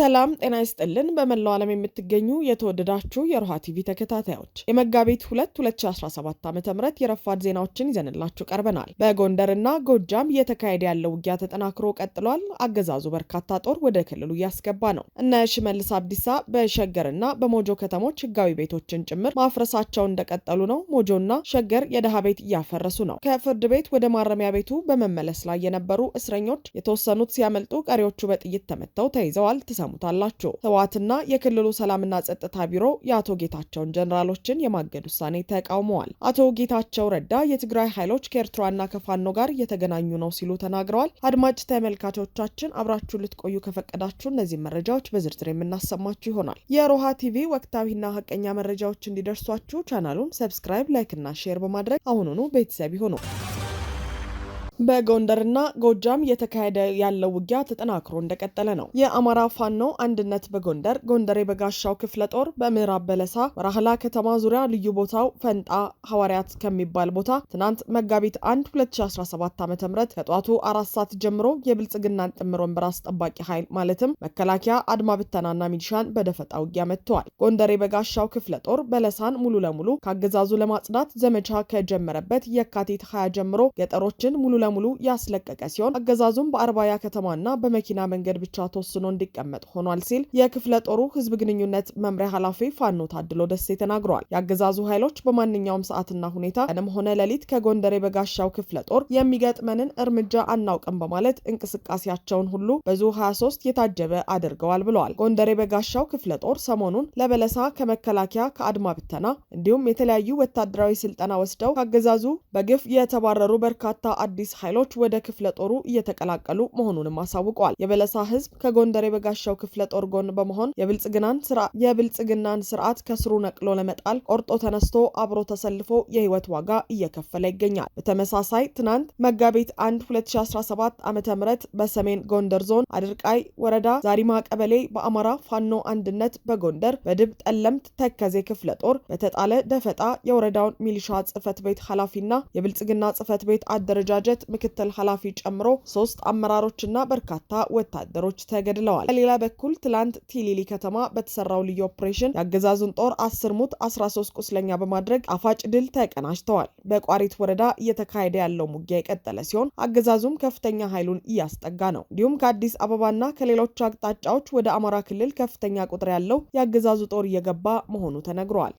ሰላም ጤና ይስጥልን። በመላው ዓለም የምትገኙ የተወደዳችሁ የሮሃ ቲቪ ተከታታዮች የመጋቢት 2 2017 ዓ ም የረፋድ ዜናዎችን ይዘንላችሁ ቀርበናል። በጎንደርና ጎጃም እየተካሄደ ያለው ውጊያ ተጠናክሮ ቀጥሏል። አገዛዙ በርካታ ጦር ወደ ክልሉ እያስገባ ነው። እነ ሽመልስ አብዲሳ በሸገርና በሞጆ ከተሞች ህጋዊ ቤቶችን ጭምር ማፍረሳቸው እንደቀጠሉ ነው። ሞጆና ሸገር የደሃ ቤት እያፈረሱ ነው። ከፍርድ ቤት ወደ ማረሚያ ቤቱ በመመለስ ላይ የነበሩ እስረኞች የተወሰኑት ሲያመልጡ፣ ቀሪዎቹ በጥይት ተመተው ተይዘዋል። ትሰሙታላችሁ። ህወሓትና የክልሉ ሰላምና ጸጥታ ቢሮ የአቶ ጌታቸውን ጀኔራሎችን የማገድ ውሳኔ ተቃውመዋል። አቶ ጌታቸው ረዳ የትግራይ ኃይሎች ከኤርትራና ከፋኖ ጋር እየተገናኙ ነው ሲሉ ተናግረዋል። አድማጭ ተመልካቾቻችን አብራችሁ ልትቆዩ ከፈቀዳችሁ እነዚህ መረጃዎች በዝርዝር የምናሰማችሁ ይሆናል። የሮሃ ቲቪ ወቅታዊና ሀቀኛ መረጃዎች እንዲደርሷችሁ ቻናሉን ሰብስክራይብ፣ ላይክና ሼር በማድረግ አሁኑኑ ቤተሰብ ይሁኑ። በጎንደርና ጎጃም እየተካሄደ ያለው ውጊያ ተጠናክሮ እንደቀጠለ ነው። የአማራ ፋኖ አንድነት በጎንደር ጎንደር የበጋሻው ክፍለ ጦር በምዕራብ በለሳ ወራህላ ከተማ ዙሪያ ልዩ ቦታው ፈንጣ ሐዋርያት ከሚባል ቦታ ትናንት መጋቢት 1 2017 ዓ ም ከጠዋቱ አራት ሰዓት ጀምሮ የብልጽግናን ጥምር ወንበር አስጠባቂ ኃይል ማለትም መከላከያ፣ አድማ ብተናና ሚሊሻን በደፈጣ ውጊያ መጥተዋል። ጎንደር የበጋሻው ክፍለ ጦር በለሳን ሙሉ ለሙሉ ከአገዛዙ ለማጽዳት ዘመቻ ከጀመረበት የካቲት 20 ጀምሮ ገጠሮችን ሙሉ ለሙሉ ያስለቀቀ ሲሆን አገዛዙም በአርባያ ከተማና በመኪና መንገድ ብቻ ተወስኖ እንዲቀመጥ ሆኗል ሲል የክፍለ ጦሩ ህዝብ ግንኙነት መምሪያ ኃላፊ ፋኖ ታድሎ ደሴ ተናግረዋል። የአገዛዙ ኃይሎች በማንኛውም ሰዓትና ሁኔታ ቀንም ሆነ ሌሊት ከጎንደር የበጋሻው ክፍለ ጦር የሚገጥመንን እርምጃ አናውቅም በማለት እንቅስቃሴያቸውን ሁሉ በዙ 23 የታጀበ አድርገዋል ብለዋል። ጎንደር የበጋሻው ክፍለ ጦር ሰሞኑን ለበለሳ ከመከላከያ ከአድማ ብተና እንዲሁም የተለያዩ ወታደራዊ ስልጠና ወስደው ከአገዛዙ በግፍ የተባረሩ በርካታ አዲስ ኃይሎች ወደ ክፍለ ጦሩ እየተቀላቀሉ መሆኑንም አሳውቀዋል። የበለሳ ህዝብ ከጎንደር የበጋሻው ክፍለ ጦር ጎን በመሆን የብልጽግናን ስርዓት ከስሩ ነቅሎ ለመጣል ቆርጦ ተነስቶ አብሮ ተሰልፎ የህይወት ዋጋ እየከፈለ ይገኛል። በተመሳሳይ ትናንት መጋቢት 1 2017 ዓ ም በሰሜን ጎንደር ዞን አድርቃይ ወረዳ ዛሪማ ቀበሌ በአማራ ፋኖ አንድነት በጎንደር በድብ ጠለምት ተከዜ ክፍለ ጦር በተጣለ ደፈጣ የወረዳውን ሚሊሻ ጽህፈት ቤት ኃላፊና የብልጽግና ጽህፈት ቤት አደረጃጀት ምክትል ኃላፊ ጨምሮ ሶስት አመራሮችና በርካታ ወታደሮች ተገድለዋል። በሌላ በኩል ትላንት ቲሊሊ ከተማ በተሰራው ልዩ ኦፕሬሽን የአገዛዙን ጦር አስር ሙት 13 ቁስለኛ በማድረግ አፋጭ ድል ተቀናጅተዋል። በቋሪት ወረዳ እየተካሄደ ያለው ሙጊያ የቀጠለ ሲሆን አገዛዙም ከፍተኛ ኃይሉን እያስጠጋ ነው። እንዲሁም ከአዲስ አበባና ከሌሎች አቅጣጫዎች ወደ አማራ ክልል ከፍተኛ ቁጥር ያለው የአገዛዙ ጦር እየገባ መሆኑ ተነግሯል።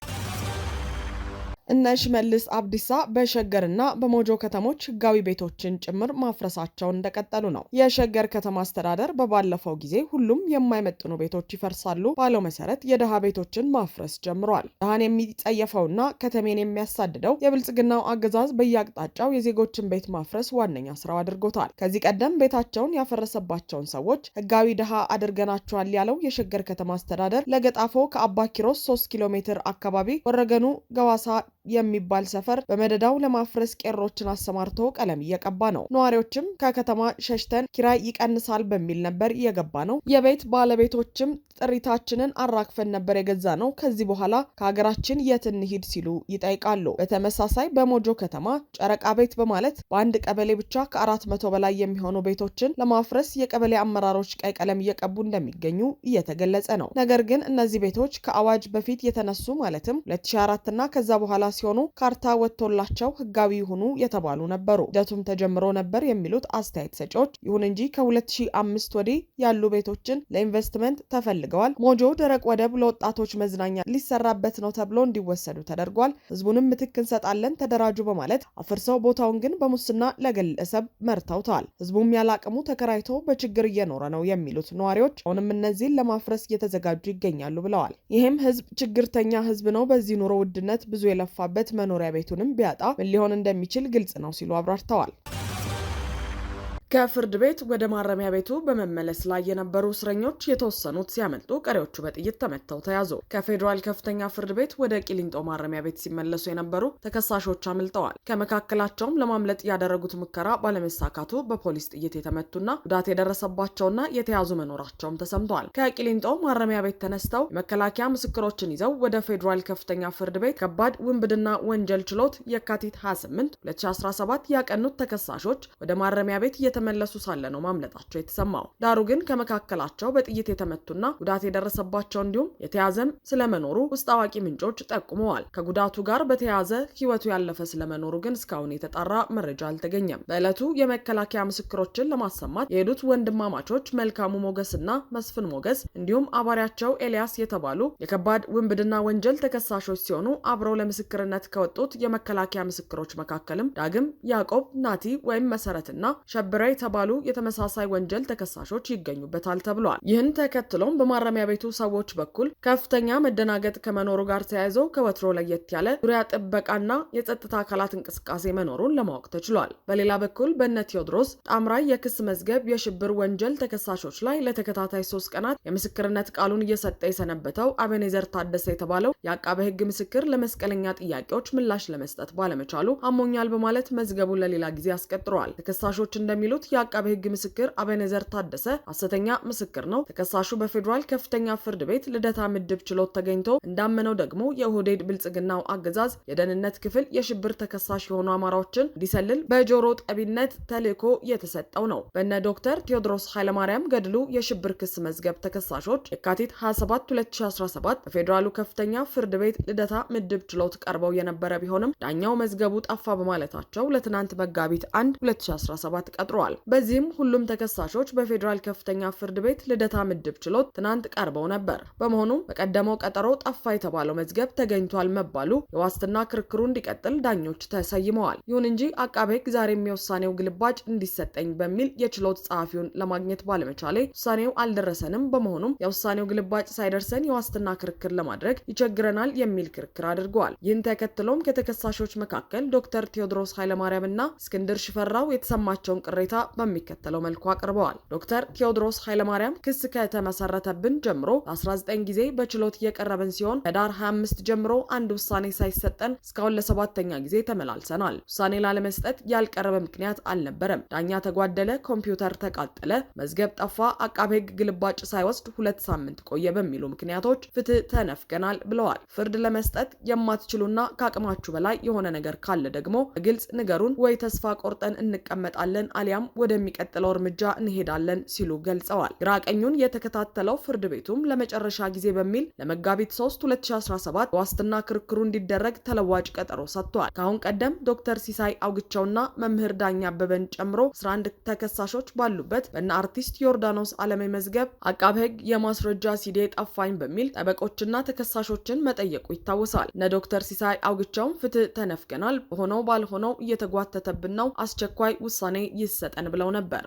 እነ ሽመልስ አብዲሳ በሸገርና በሞጆ ከተሞች ህጋዊ ቤቶችን ጭምር ማፍረሳቸውን እንደቀጠሉ ነው። የሸገር ከተማ አስተዳደር በባለፈው ጊዜ ሁሉም የማይመጥኑ ቤቶች ይፈርሳሉ ባለው መሰረት የድሃ ቤቶችን ማፍረስ ጀምሯል። ድሃን የሚጸየፈውና ከተሜን የሚያሳድደው የብልጽግናው አገዛዝ በየአቅጣጫው የዜጎችን ቤት ማፍረስ ዋነኛ ስራው አድርጎታል። ከዚህ ቀደም ቤታቸውን ያፈረሰባቸውን ሰዎች ህጋዊ ድሃ አድርገናቸዋል ያለው የሸገር ከተማ አስተዳደር ለገጣፎ ከአባኪሮስ 3 ኪሎ ሜትር አካባቢ ወረገኑ ገዋሳ የሚባል ሰፈር በመደዳው ለማፍረስ ቄሮችን አሰማርቶ ቀለም እየቀባ ነው። ነዋሪዎችም ከከተማ ሸሽተን ኪራይ ይቀንሳል በሚል ነበር እየገባ ነው። የቤት ባለቤቶችም ጥሪታችንን አራክፈን ነበር የገዛ ነው። ከዚህ በኋላ ከሀገራችን የት እንሂድ ሲሉ ይጠይቃሉ። በተመሳሳይ በሞጆ ከተማ ጨረቃ ቤት በማለት በአንድ ቀበሌ ብቻ ከአራት መቶ በላይ የሚሆኑ ቤቶችን ለማፍረስ የቀበሌ አመራሮች ቀይ ቀለም እየቀቡ እንደሚገኙ እየተገለጸ ነው። ነገር ግን እነዚህ ቤቶች ከአዋጅ በፊት የተነሱ ማለትም 2004 እና ከዛ በኋላ ሲሆኑ ካርታ ወጥቶላቸው ህጋዊ ይሁኑ የተባሉ ነበሩ። ሂደቱም ተጀምሮ ነበር የሚሉት አስተያየት ሰጪዎች፣ ይሁን እንጂ ከ2005 ወዲህ ያሉ ቤቶችን ለኢንቨስትመንት ተፈልገዋል። ሞጆ ደረቅ ወደብ ለወጣቶች መዝናኛ ሊሰራበት ነው ተብሎ እንዲወሰዱ ተደርጓል። ህዝቡንም ምትክ እንሰጣለን ተደራጁ በማለት አፍርሰው ቦታውን ግን በሙስና ለግለሰብ መርተውተዋል። ህዝቡም ያላቅሙ ተከራይቶ በችግር እየኖረ ነው የሚሉት ነዋሪዎች አሁንም እነዚህን ለማፍረስ እየተዘጋጁ ይገኛሉ ብለዋል። ይህም ህዝብ ችግርተኛ ህዝብ ነው፣ በዚህ ኑሮ ውድነት ብዙ የለፋ የሚሰራበት መኖሪያ ቤቱንም ቢያጣ ምን ሊሆን እንደሚችል ግልጽ ነው ሲሉ አብራርተዋል። ከፍርድ ቤት ወደ ማረሚያ ቤቱ በመመለስ ላይ የነበሩ እስረኞች የተወሰኑት ሲያመልጡ ቀሪዎቹ በጥይት ተመተው ተያዙ። ከፌዴራል ከፍተኛ ፍርድ ቤት ወደ ቂሊንጦ ማረሚያ ቤት ሲመለሱ የነበሩ ተከሳሾች አምልጠዋል። ከመካከላቸውም ለማምለጥ ያደረጉት ሙከራ ባለመሳካቱ በፖሊስ ጥይት የተመቱና ጉዳት የደረሰባቸውና የተያዙ መኖራቸውም ተሰምተዋል። ከቂሊንጦ ማረሚያ ቤት ተነስተው የመከላከያ ምስክሮችን ይዘው ወደ ፌዴራል ከፍተኛ ፍርድ ቤት ከባድ ውንብድና ወንጀል ችሎት የካቲት 28 2017 ያቀኑት ተከሳሾች ወደ ማረሚያ ቤት እየተመለሱ ሳለ ነው ማምለጣቸው የተሰማው። ዳሩ ግን ከመካከላቸው በጥይት የተመቱና ጉዳት የደረሰባቸው እንዲሁም የተያዘም ስለመኖሩ ውስጥ አዋቂ ምንጮች ጠቁመዋል። ከጉዳቱ ጋር በተያያዘ ህይወቱ ያለፈ ስለመኖሩ ግን እስካሁን የተጣራ መረጃ አልተገኘም። በዕለቱ የመከላከያ ምስክሮችን ለማሰማት የሄዱት ወንድማማቾች መልካሙ ሞገስ መስፍን ሞገስ እንዲሁም አባሪያቸው ኤልያስ የተባሉ የከባድ ውንብድና ወንጀል ተከሳሾች ሲሆኑ አብረው ለምስክርነት ከወጡት የመከላከያ ምስክሮች መካከልም ዳግም፣ ያዕቆብ፣ ናቲ ወይም መሰረትና ሸብረ የተባሉ የተመሳሳይ ወንጀል ተከሳሾች ይገኙበታል ተብሏል። ይህን ተከትሎም በማረሚያ ቤቱ ሰዎች በኩል ከፍተኛ መደናገጥ ከመኖሩ ጋር ተያይዞ ከወትሮ ለየት ያለ ዙሪያ ጥበቃና የጸጥታ አካላት እንቅስቃሴ መኖሩን ለማወቅ ተችሏል። በሌላ በኩል በነ ቴዎድሮስ ጣምራይ የክስ መዝገብ የሽብር ወንጀል ተከሳሾች ላይ ለተከታታይ ሶስት ቀናት የምስክርነት ቃሉን እየሰጠ የሰነበተው አቤኔዘር ታደሰ የተባለው የአቃቤ ሕግ ምስክር ለመስቀለኛ ጥያቄዎች ምላሽ ለመስጠት ባለመቻሉ አሞኛል በማለት መዝገቡን ለሌላ ጊዜ አስቀጥሯል። ተከሳሾች እንደሚሉት የሚሉት የአቃቤ ሕግ ምስክር አበነዘር ታደሰ ሐሰተኛ ምስክር ነው። ተከሳሹ በፌዴራል ከፍተኛ ፍርድ ቤት ልደታ ምድብ ችሎት ተገኝቶ እንዳመነው ደግሞ የኦህዴድ ብልጽግናው አገዛዝ የደህንነት ክፍል የሽብር ተከሳሽ የሆኑ አማራዎችን እንዲሰልል በጆሮ ጠቢነት ተልዕኮ የተሰጠው ነው። በነ ዶክተር ቴዎድሮስ ኃይለማርያም ገድሉ የሽብር ክስ መዝገብ ተከሳሾች የካቲት 27 2017 በፌዴራሉ ከፍተኛ ፍርድ ቤት ልደታ ምድብ ችሎት ቀርበው የነበረ ቢሆንም ዳኛው መዝገቡ ጠፋ በማለታቸው ለትናንት መጋቢት 1 2017 ቀጥሯል። ተሰጥቷል። በዚህም ሁሉም ተከሳሾች በፌዴራል ከፍተኛ ፍርድ ቤት ልደታ ምድብ ችሎት ትናንት ቀርበው ነበር። በመሆኑም በቀደመው ቀጠሮ ጠፋ የተባለው መዝገብ ተገኝቷል መባሉ የዋስትና ክርክሩ እንዲቀጥል ዳኞች ተሰይመዋል። ይሁን እንጂ አቃቤ ሕግ ዛሬም የውሳኔው ግልባጭ እንዲሰጠኝ በሚል የችሎት ጸሐፊውን ለማግኘት ባለመቻሌ ውሳኔው አልደረሰንም፣ በመሆኑም የውሳኔው ግልባጭ ሳይደርሰን የዋስትና ክርክር ለማድረግ ይቸግረናል የሚል ክርክር አድርገዋል። ይህን ተከትሎም ከተከሳሾች መካከል ዶክተር ቴዎድሮስ ኃይለማርያም እና እስክንድር ሽፈራው የተሰማቸውን ቅሬታ በሚከተለው መልኩ አቅርበዋል። ዶክተር ቴዎድሮስ ኃይለማርያም ክስ ከተመሰረተብን ጀምሮ በ19 ጊዜ በችሎት እየቀረብን ሲሆን ከዳር 25 ጀምሮ አንድ ውሳኔ ሳይሰጠን እስካሁን ለሰባተኛ ጊዜ ተመላልሰናል። ውሳኔ ላለመስጠት ያልቀረበ ምክንያት አልነበረም። ዳኛ ተጓደለ፣ ኮምፒውተር ተቃጠለ፣ መዝገብ ጠፋ፣ አቃቤ ሕግ ግልባጭ ሳይወስድ ሁለት ሳምንት ቆየ በሚሉ ምክንያቶች ፍትህ ተነፍገናል ብለዋል። ፍርድ ለመስጠት የማትችሉና ከአቅማችሁ በላይ የሆነ ነገር ካለ ደግሞ በግልጽ ንገሩን፣ ወይ ተስፋ ቆርጠን እንቀመጣለን አሊያም ወደሚቀጥለው እርምጃ እንሄዳለን ሲሉ ገልጸዋል። ግራቀኙን የተከታተለው ፍርድ ቤቱም ለመጨረሻ ጊዜ በሚል ለመጋቢት 3 2017 ዋስትና ክርክሩ እንዲደረግ ተለዋጭ ቀጠሮ ሰጥቷል። ከአሁን ቀደም ዶክተር ሲሳይ አውግቸውና መምህር ዳኛ አበበን ጨምሮ 11 ተከሳሾች ባሉበት በእነ አርቲስት ዮርዳኖስ አለሜ መዝገብ አቃብ ሕግ የማስረጃ ሲዴ ጠፋኝ በሚል ጠበቆችና ተከሳሾችን መጠየቁ ይታወሳል። እነ ዶክተር ሲሳይ አውግቻውም ፍትህ ተነፍገናል፣ በሆነው ባልሆነው እየተጓተተብን ነው፣ አስቸኳይ ውሳኔ ይሰ ሰጠን ብለው ነበር።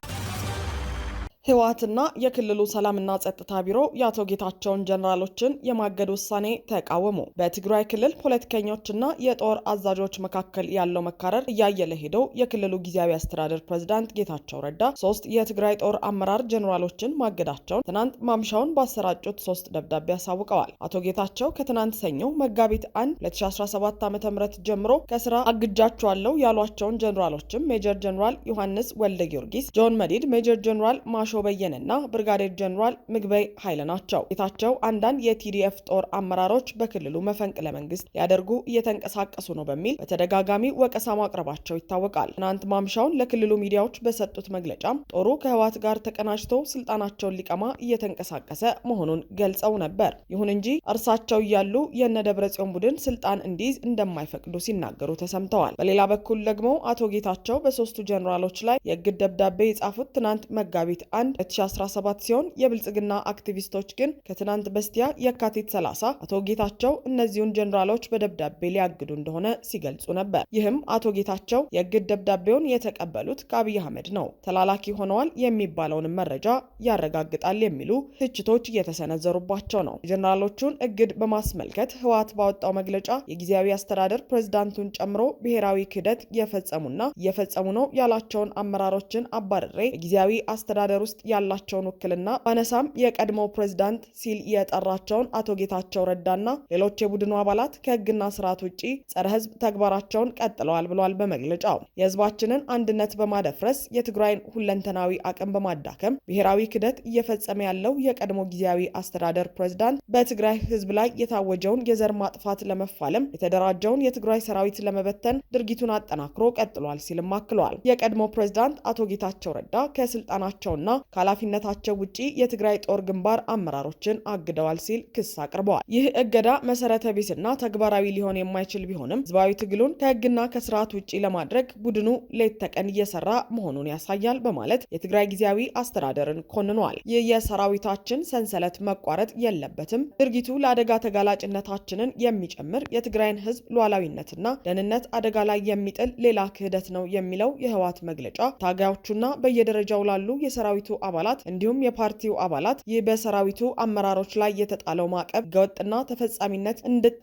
ህወሓትና የክልሉ ሰላምና ጸጥታ ቢሮ የአቶ ጌታቸውን ጀኔራሎችን የማገድ ውሳኔ ተቃወሙ። በትግራይ ክልል ፖለቲከኞችና የጦር አዛዦች መካከል ያለው መካረር እያየለ ሄደው የክልሉ ጊዜያዊ አስተዳደር ፕሬዚዳንት ጌታቸው ረዳ ሶስት የትግራይ ጦር አመራር ጀኔራሎችን ማገዳቸውን ትናንት ማምሻውን ባሰራጩት ሶስት ደብዳቤ አሳውቀዋል። አቶ ጌታቸው ከትናንት ሰኞ መጋቢት 1 2017 ዓ ም ጀምሮ ከስራ አግጃቸዋለሁ ያሏቸውን ጀኔራሎችም ሜጀር ጀኔራል ዮሐንስ ወልደ ጊዮርጊስ፣ ጆን መዲድ፣ ሜጀር ጀኔራል ማ ዳሾ በየነና ብርጋዴር ጀኔራል ምግበይ ኃይለ ናቸው። ጌታቸው አንዳንድ የቲዲኤፍ ጦር አመራሮች በክልሉ መፈንቅለ መንግስት ሊያደርጉ እየተንቀሳቀሱ ነው በሚል በተደጋጋሚ ወቀሳ ማቅረባቸው ይታወቃል። ትናንት ማምሻውን ለክልሉ ሚዲያዎች በሰጡት መግለጫም ጦሩ ከህወሓት ጋር ተቀናጅቶ ስልጣናቸውን ሊቀማ እየተንቀሳቀሰ መሆኑን ገልጸው ነበር። ይሁን እንጂ እርሳቸው እያሉ ደብረ ጽዮን ቡድን ስልጣን እንዲይዝ እንደማይፈቅዱ ሲናገሩ ተሰምተዋል። በሌላ በኩል ደግሞ አቶ ጌታቸው በሶስቱ ጀኔራሎች ላይ የእግድ ደብዳቤ የጻፉት ትናንት መጋቢት 21 2017 ሲሆን የብልጽግና አክቲቪስቶች ግን ከትናንት በስቲያ የካቲት 30 አቶ ጌታቸው እነዚሁን ጀኔራሎች በደብዳቤ ሊያግዱ እንደሆነ ሲገልጹ ነበር። ይህም አቶ ጌታቸው የእግድ ደብዳቤውን የተቀበሉት ከአብይ አህመድ ነው፣ ተላላኪ ሆነዋል የሚባለውንም መረጃ ያረጋግጣል የሚሉ ትችቶች እየተሰነዘሩባቸው ነው። ጀኔራሎቹን እግድ በማስመልከት ህወሓት ባወጣው መግለጫ የጊዜያዊ አስተዳደር ፕሬዝዳንቱን ጨምሮ ብሔራዊ ክህደት እየፈጸሙና እየፈጸሙ ነው ያላቸውን አመራሮችን አባረሬ የጊዜያዊ አስተዳደሩ ውስጥ ያላቸውን ውክልና ባነሳም የቀድሞ ፕሬዚዳንት ሲል የጠራቸውን አቶ ጌታቸው ረዳና ሌሎች የቡድኑ አባላት ከህግና ስርዓት ውጪ ጸረ ህዝብ ተግባራቸውን ቀጥለዋል ብሏል። በመግለጫው የህዝባችንን አንድነት በማደፍረስ የትግራይን ሁለንተናዊ አቅም በማዳከም ብሔራዊ ክደት እየፈጸመ ያለው የቀድሞ ጊዜያዊ አስተዳደር ፕሬዚዳንት በትግራይ ህዝብ ላይ የታወጀውን የዘር ማጥፋት ለመፋለም የተደራጀውን የትግራይ ሰራዊት ለመበተን ድርጊቱን አጠናክሮ ቀጥሏል ሲልም አክሏል። የቀድሞ ፕሬዚዳንት አቶ ጌታቸው ረዳ ከስልጣናቸውና ከኃላፊነታቸው ውጪ የትግራይ ጦር ግንባር አመራሮችን አግደዋል ሲል ክስ አቅርበዋል። ይህ እገዳ መሰረተ ቢስና ተግባራዊ ሊሆን የማይችል ቢሆንም ህዝባዊ ትግሉን ከህግና ከስርዓት ውጪ ለማድረግ ቡድኑ ሌት ተቀን እየሰራ መሆኑን ያሳያል በማለት የትግራይ ጊዜያዊ አስተዳደርን ኮንነዋል። ይህ የሰራዊታችን ሰንሰለት መቋረጥ የለበትም፣ ድርጊቱ ለአደጋ ተጋላጭነታችንን የሚጨምር የትግራይን ህዝብ ሉዓላዊነትና ደህንነት አደጋ ላይ የሚጥል ሌላ ክህደት ነው የሚለው የህወሓት መግለጫ ታጋዮቹና በየደረጃው ላሉ የሰራዊቱ አባላት እንዲሁም የፓርቲው አባላት ይህ በሰራዊቱ አመራሮች ላይ የተጣለው ማዕቀብ ህገወጥና ተፈጻሚነት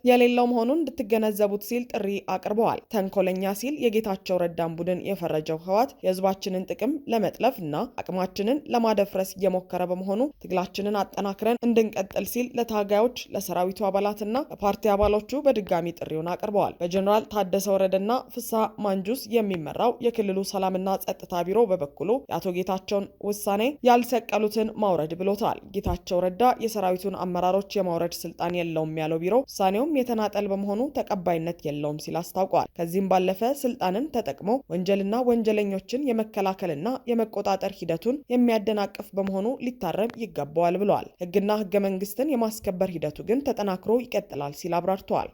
የሌለው መሆኑን እንድትገነዘቡት ሲል ጥሪ አቅርበዋል። ተንኮለኛ ሲል የጌታቸው ረዳን ቡድን የፈረጀው ህወሓት የህዝባችንን ጥቅም ለመጥለፍ እና አቅማችንን ለማደፍረስ እየሞከረ በመሆኑ ትግላችንን አጠናክረን እንድንቀጥል ሲል ለታጋዮች፣ ለሰራዊቱ አባላት ለፓርቲ አባሎቹ በድጋሚ ጥሪውን አቅርበዋል። በጀኔራል ታደሰ ወረደና ፍሳ ማንጁስ የሚመራው የክልሉ ሰላምና ጸጥታ ቢሮ በበኩሉ የአቶ ጌታቸውን ውሳኔ ውሳኔ ያልሰቀሉትን ማውረድ ብሎታል። ጌታቸው ረዳ የሰራዊቱን አመራሮች የማውረድ ስልጣን የለውም ያለው ቢሮ ውሳኔውም የተናጠል በመሆኑ ተቀባይነት የለውም ሲል አስታውቋል። ከዚህም ባለፈ ስልጣንን ተጠቅሞ ወንጀልና ወንጀለኞችን የመከላከልና የመቆጣጠር ሂደቱን የሚያደናቅፍ በመሆኑ ሊታረም ይገባዋል ብለዋል። ህግና ህገ መንግስትን የማስከበር ሂደቱ ግን ተጠናክሮ ይቀጥላል ሲል አብራርተዋል።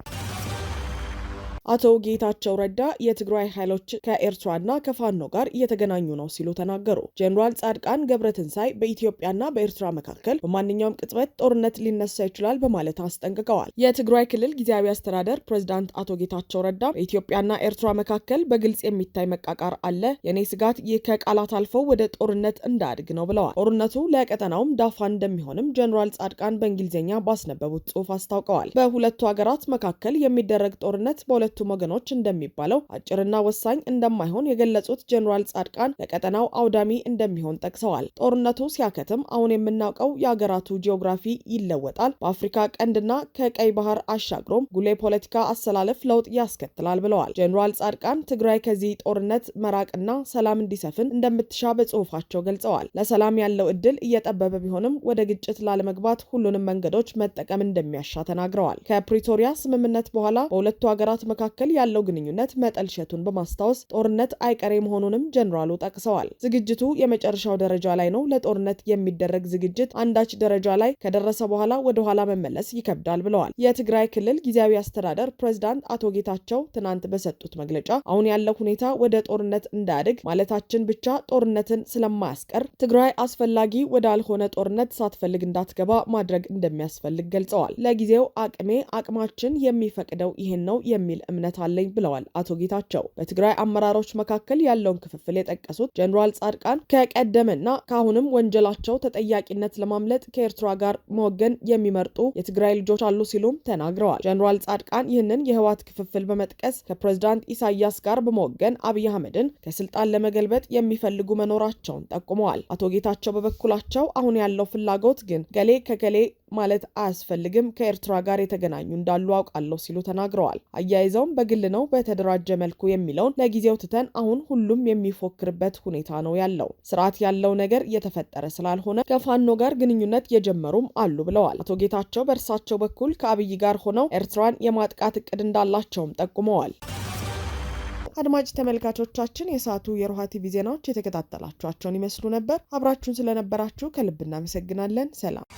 አቶ ጌታቸው ረዳ የትግራይ ኃይሎች ከኤርትራና ከፋኖ ጋር እየተገናኙ ነው ሲሉ ተናገሩ። ጀኔራል ጻድቃን ገብረትንሳይ በኢትዮጵያና በኤርትራ መካከል በማንኛውም ቅጽበት ጦርነት ሊነሳ ይችላል በማለት አስጠንቅቀዋል። የትግራይ ክልል ጊዜያዊ አስተዳደር ፕሬዚዳንት አቶ ጌታቸው ረዳ በኢትዮጵያና ኤርትራ መካከል በግልጽ የሚታይ መቃቃር አለ። የኔ ስጋት ይህ ከቃላት አልፈው ወደ ጦርነት እንዳያድግ ነው ብለዋል። ጦርነቱ ለቀጠናውም ዳፋ እንደሚሆንም ጀኔራል ጻድቃን በእንግሊዝኛ ባስነበቡት ጽሑፍ አስታውቀዋል። በሁለቱ ሀገራት መካከል የሚደረግ ጦርነት በሁለቱ ሁለቱም ወገኖች እንደሚባለው አጭርና ወሳኝ እንደማይሆን የገለጹት ጀኔራል ጻድቃን ለቀጠናው አውዳሚ እንደሚሆን ጠቅሰዋል። ጦርነቱ ሲያከትም አሁን የምናውቀው የአገራቱ ጂኦግራፊ ይለወጣል፣ በአፍሪካ ቀንድና ከቀይ ባህር አሻግሮም ጉሌ ፖለቲካ አሰላለፍ ለውጥ ያስከትላል ብለዋል። ጀኔራል ጻድቃን ትግራይ ከዚህ ጦርነት መራቅና ሰላም እንዲሰፍን እንደምትሻ በጽሁፋቸው ገልጸዋል። ለሰላም ያለው እድል እየጠበበ ቢሆንም ወደ ግጭት ላለመግባት ሁሉንም መንገዶች መጠቀም እንደሚያሻ ተናግረዋል። ከፕሪቶሪያ ስምምነት በኋላ በሁለቱ ሀገራት መካከል መካከል ያለው ግንኙነት መጠልሸቱን በማስታወስ ጦርነት አይቀሬ መሆኑንም ጀኔራሉ ጠቅሰዋል። ዝግጅቱ የመጨረሻው ደረጃ ላይ ነው። ለጦርነት የሚደረግ ዝግጅት አንዳች ደረጃ ላይ ከደረሰ በኋላ ወደ ኋላ መመለስ ይከብዳል ብለዋል። የትግራይ ክልል ጊዜያዊ አስተዳደር ፕሬዚዳንት አቶ ጌታቸው ትናንት በሰጡት መግለጫ አሁን ያለው ሁኔታ ወደ ጦርነት እንዳያድግ ማለታችን ብቻ ጦርነትን ስለማያስቀር ትግራይ አስፈላጊ ወዳልሆነ ጦርነት ሳትፈልግ እንዳትገባ ማድረግ እንደሚያስፈልግ ገልጸዋል። ለጊዜው አቅሜ አቅማችን የሚፈቅደው ይህን ነው የሚል እምነት አለኝ ብለዋል አቶ ጌታቸው። በትግራይ አመራሮች መካከል ያለውን ክፍፍል የጠቀሱት ጀኔራል ጻድቃን ከቀደመና ከአሁንም ወንጀላቸው ተጠያቂነት ለማምለጥ ከኤርትራ ጋር መወገን የሚመርጡ የትግራይ ልጆች አሉ ሲሉም ተናግረዋል። ጀኔራል ጻድቃን ይህንን የህወሓት ክፍፍል በመጥቀስ ከፕሬዝዳንት ኢሳያስ ጋር በመወገን አብይ አህመድን ከስልጣን ለመገልበጥ የሚፈልጉ መኖራቸውን ጠቁመዋል። አቶ ጌታቸው በበኩላቸው አሁን ያለው ፍላጎት ግን ገሌ ከገሌ ማለት አያስፈልግም ከኤርትራ ጋር የተገናኙ እንዳሉ አውቃለሁ ሲሉ ተናግረዋል። አያይዘውም በግል ነው በተደራጀ መልኩ የሚለውን ለጊዜው ትተን አሁን ሁሉም የሚፎክርበት ሁኔታ ነው ያለው። ስርዓት ያለው ነገር እየተፈጠረ ስላልሆነ ከፋኖ ጋር ግንኙነት የጀመሩም አሉ ብለዋል። አቶ ጌታቸው በእርሳቸው በኩል ከአብይ ጋር ሆነው ኤርትራን የማጥቃት እቅድ እንዳላቸውም ጠቁመዋል። አድማጭ ተመልካቾቻችን የሰዓቱ የሮሃ ቲቪ ዜናዎች የተከታተላችኋቸውን ይመስሉ ነበር። አብራችሁን ስለነበራችሁ ከልብ እናመሰግናለን። ሰላም